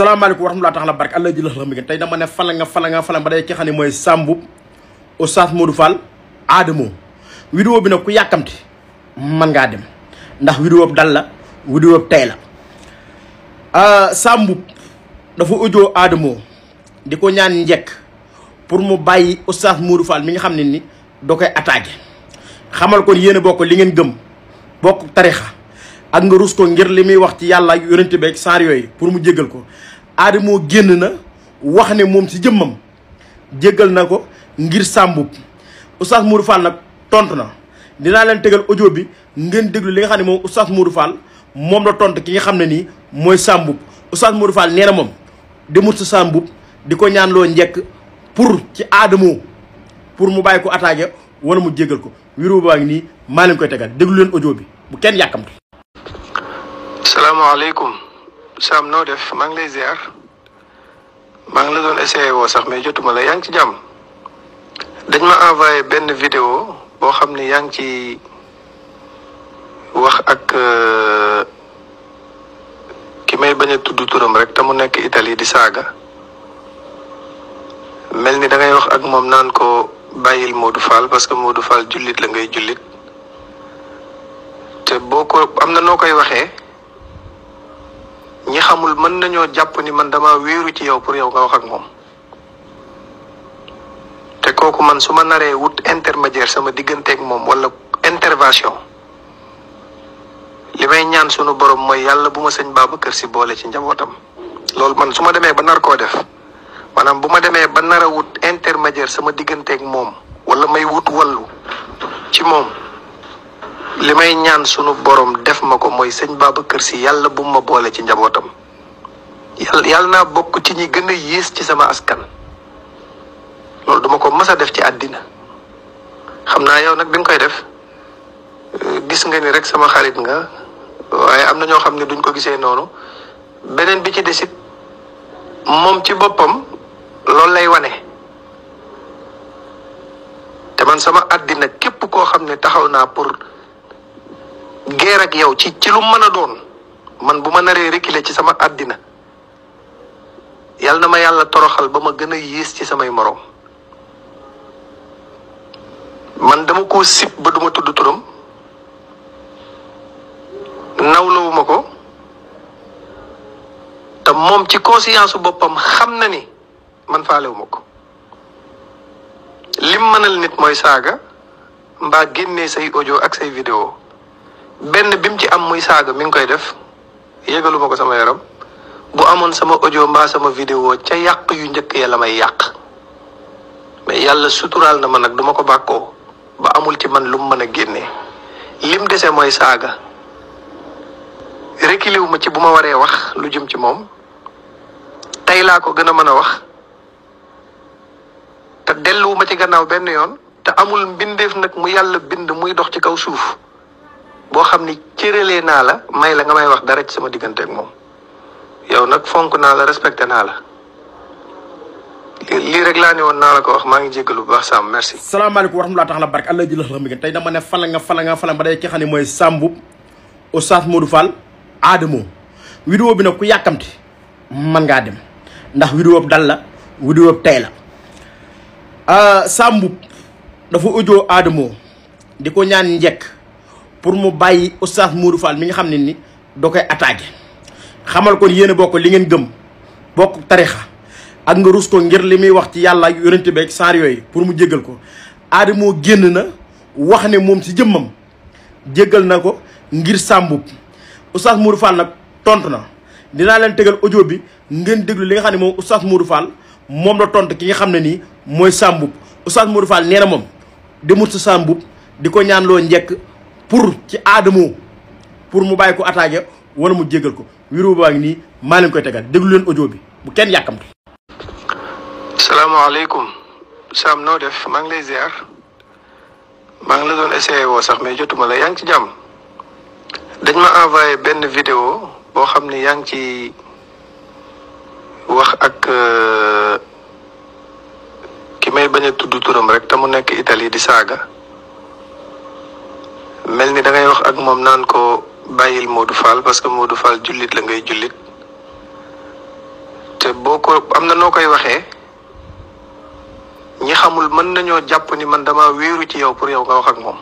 salaamaaleykum wa rahmatulah taala barke allah ji la xam tey dama ne fala nga fala nga fala ba day ki xam ne mooy Samb Oustaz Modou Fall Adamo vidéo bi nag ku yàkkamti man ngaa dem ndax vidéo bi dal la vidéo bi tey la ah, Samb dafa ujoo Adamo di ko ñaan njekk pour mu bàyyi Oustaz Modou Fall mi nga xam ne ni da koy attaqué xamal ko yéen a bokk li ngeen gëm bokk tarixa ak nga ruus ko ngir li muy wax ci yàlla ak yonente beeg saar yooyu pour mu jéggal ko aadamoo génn na wax ne moom ci jëmmam jéggal na ko ngir sàmbub oustaz Modou Fall nag tontu na dinaa leen tegal audio bi ngeen déglu li nga xam ne moom oustaz Modou Fall moom la tontu ki nga xam ne nii mooy sàmbub oustaz Modou nee na moom demut sa sàmbub di ko ñaan loo njekk pour ci aadamoo pour mu bàyyi ko attaqué wala mu jéggal ko wiru baa ngi nii maa leen koy tegal déglu leen audio bi bu kenn yàkkamti salaamaaleykum Sam noo def maa ngi lay ziar maa ngi la doon essayé woo sax mais jotuma la yaa ngi ci jàmm dañ ma envoyé benn vidéo boo xam ne yaa ngi ci wax ak euh, ki may bañ a tudd turam rek te mu nekk Italie di saaga mel ni da wax ak moom naan ko bàyyil Modou Fall parce que Modou Fall jullit la ngay jullit te boo ko am na noo koy waxee ñi xamul mën nañoo jàpp ni man dama wéeru ci yow pour yow nga wax ak moom te kooku man su ma naree wut intermédiaire sama digganteeg moom wala intervention li may ñaan sunu borom mooy yàlla bu ma sëñ Babacar si boole ci njabootam loolu man su ma demee ba nar koo def maanaam bu ma demee ba nar wut intermédiaire sama digganteeg moom wala may wut wallu ci moom li may ñaan sunu boroom def ma ko mooy sëñ kër si yàlla bu ma boole ci njabootam yàlla naa bokk ci ñi gën a yées ci sama askan loolu duma ko mës a def ci àddina xam naa yow nag bi nga koy def euh, gis nga ni rek sama xarit nga waaye am na ñoo xam ne duñ ko gisee noonu beneen bi ci desit moom ci boppam loolu lay wane te man sama àddina képp koo xam ne taxaw naa pour guerre ak yow ci ci lu mën a doon man bu ma naree reculer ci sama àddina yal na ma yàlla toroxal ba ma gën a yées ci samay moroom man dama ko sib ba duma tudd turam nawlawuma ko te moom ci conscience boppam xam na ni man faalewuma ko lim mënal nit mooy saaga mbaa génnee say audio ak say vidéo benn bi mu ci am muy saaga mi ngi koy def yëgalu ko sama yaram bu amoon sama audio mbaa sama vidéo ca yàq yu njëkk ya la may yàq mais yàlla suturaal na ma nag duma ko bàkkoo ba amul ci man lu mu mën a génnee lim dese mooy saaga reculé wu ma ci bu ma waree wax lu jëm ci moom tey laa ko gën a mën a wax te delluwuma ci gannaaw benn yoon te amul mbindeef nag mu yàlla bind muy dox ci kaw suuf boo xam ni cëralee naa la may la nga may wax dara ci sama diggante moom yow nag fonk naa la respecté naa la lii rek laa ne woon naa la ko wax maa ngi jéggalu bu baax Samb merci. salaamaaleykum wa rahmatulah taala barke allah ji la xam tey dama ne fala nga fala nga ba day ki xam ne mooy Samb Oustaz Modou Fall Adamo vidéo bi nag ku yàkkamti mën ngaa dem ndax vidéo bi dal la vidéo bi tey la ah, Samb dafa ujoo Adamo di ko ñaan njekk pour mu bàyyi oustaz Modou Fall mi nga xam ne ni da koy attaqué xamal ko yéen a bokk li ngeen gëm bokk tarixa ak nga rus ko ngir li muy wax ci yàlla ak yonente beeg saar yooyu pour mu jégal ko aadamoo génn na wax ne moom ci jëmmam jégal na ko ngir sàmbub oustaz Modou Fall nag tontu na dinaa leen tegal audio bi ngeen déglu li nga xam ne moom oustaz Modou Fall moom la tontu ki nga xam ne nii mooy sàmbub oustaz Modou nee na moom demut sa sàmbub di ko ñaanloo njëkk pour ci aadamu pour mu bàyyi ko attaqué wala mu jégal ko wiru baa ngi nii maa leen koy tegal déglu leen audio bi bu kenn yàkkamti. salaamaaleykum Sam noo def maa ngi lay ziar maa ngi la doon sax mais jotuma la yaa ngi ci jàmm dañ ma envoyé benn vidéo boo xam ne yaa ngi ci wax ak euh, ki may bañ a tudd turam rek te mu nekk Italie di saaga. mel ni da wax ak moom naan ko bàyyil du Fall parce que Modou Fall jullit la ngay jullit te boo ko am na noo koy waxee ñi xamul mën nañoo jàpp ni man dama wéeru ci yow pour yow nga wax ak moom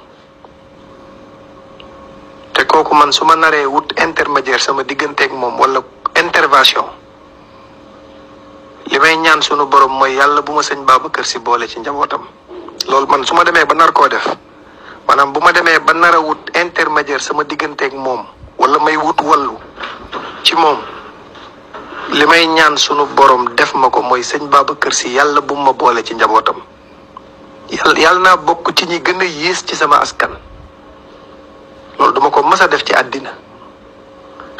te kooku man su ma naree wut intermédiaire sama digganteeg moom wala intervention li may ñaan sunu borom mooy yàlla bu ma sëñ Babacar si boole ci njabootam loolu man su ma demee ba nar koo def. maanaam bu ma demee ba nar wut intermédiaire sama digganteek moom wala may wut wallu ci moom li may ñaan sunu boroom def ma ko mooy sëñ kër Si yàlla bu ma boole ci njabootam yàlla yàlla naa bokk ci ñi gën a yées ci sama askan loolu duma ko mës a def ci àddina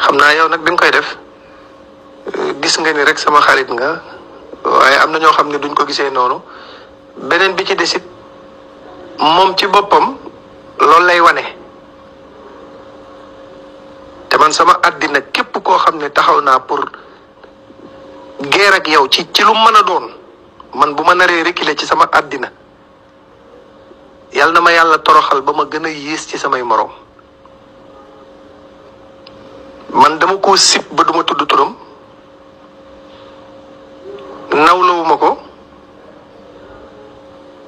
xam naa yow nag bi nga koy def euh, gis nga ni rek sama xarit nga waaye am na ñoo xam ne duñ ko gisee noonu beneen bi ci desit moom ci boppam loolu lay wane te man sama àddina képp koo xam ne taxaw naa pour guerre ak yow ci ci lu mën a doon man bu ma naree reculer ci sama àddina yàlla na ma yàlla toroxal ba ma gën a yées ci samay moroom man dama ko sib ba duma tudd turam nawlawuma ko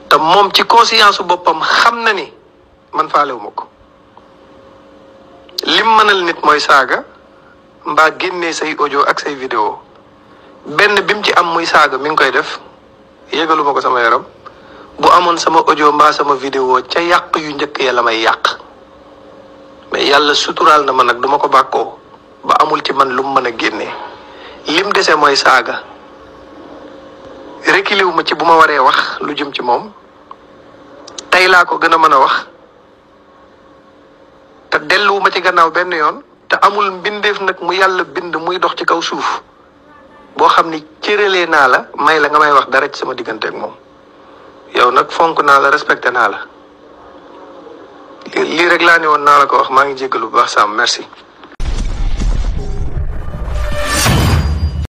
te moom ci conscience boppam xam na ni man faalewu ma ko lim mënal nit mooy saaga mbaa génnee say audio ak say vidéo benn bi mu ci am muy saaga mi ngi koy def yëgalu ko sama yaram bu amoon sama audio mbaa sama vidéo ca yàq yu njëkk ya la may yàq mais yàlla suturaal na ma nag du ma ko bàkkoo ba amul ci man lu mu mën a génnee lim dese mooy saaga rékiliwu ma ci bu ma waree wax lu jëm ci moom tey laa ko gën a mën a wax delluwuma ci gannaaw benn yoon te amul mbindeef nag mu yàlla bind muy dox ci kaw suuf boo xam ni cëralee naa la may la nga may wax dara ci sama digganteek moom yow nag fonk naa la respecté naa la lii rek laa ne woon naa la ko wax maa ngi jéggalu bu baax Sam merci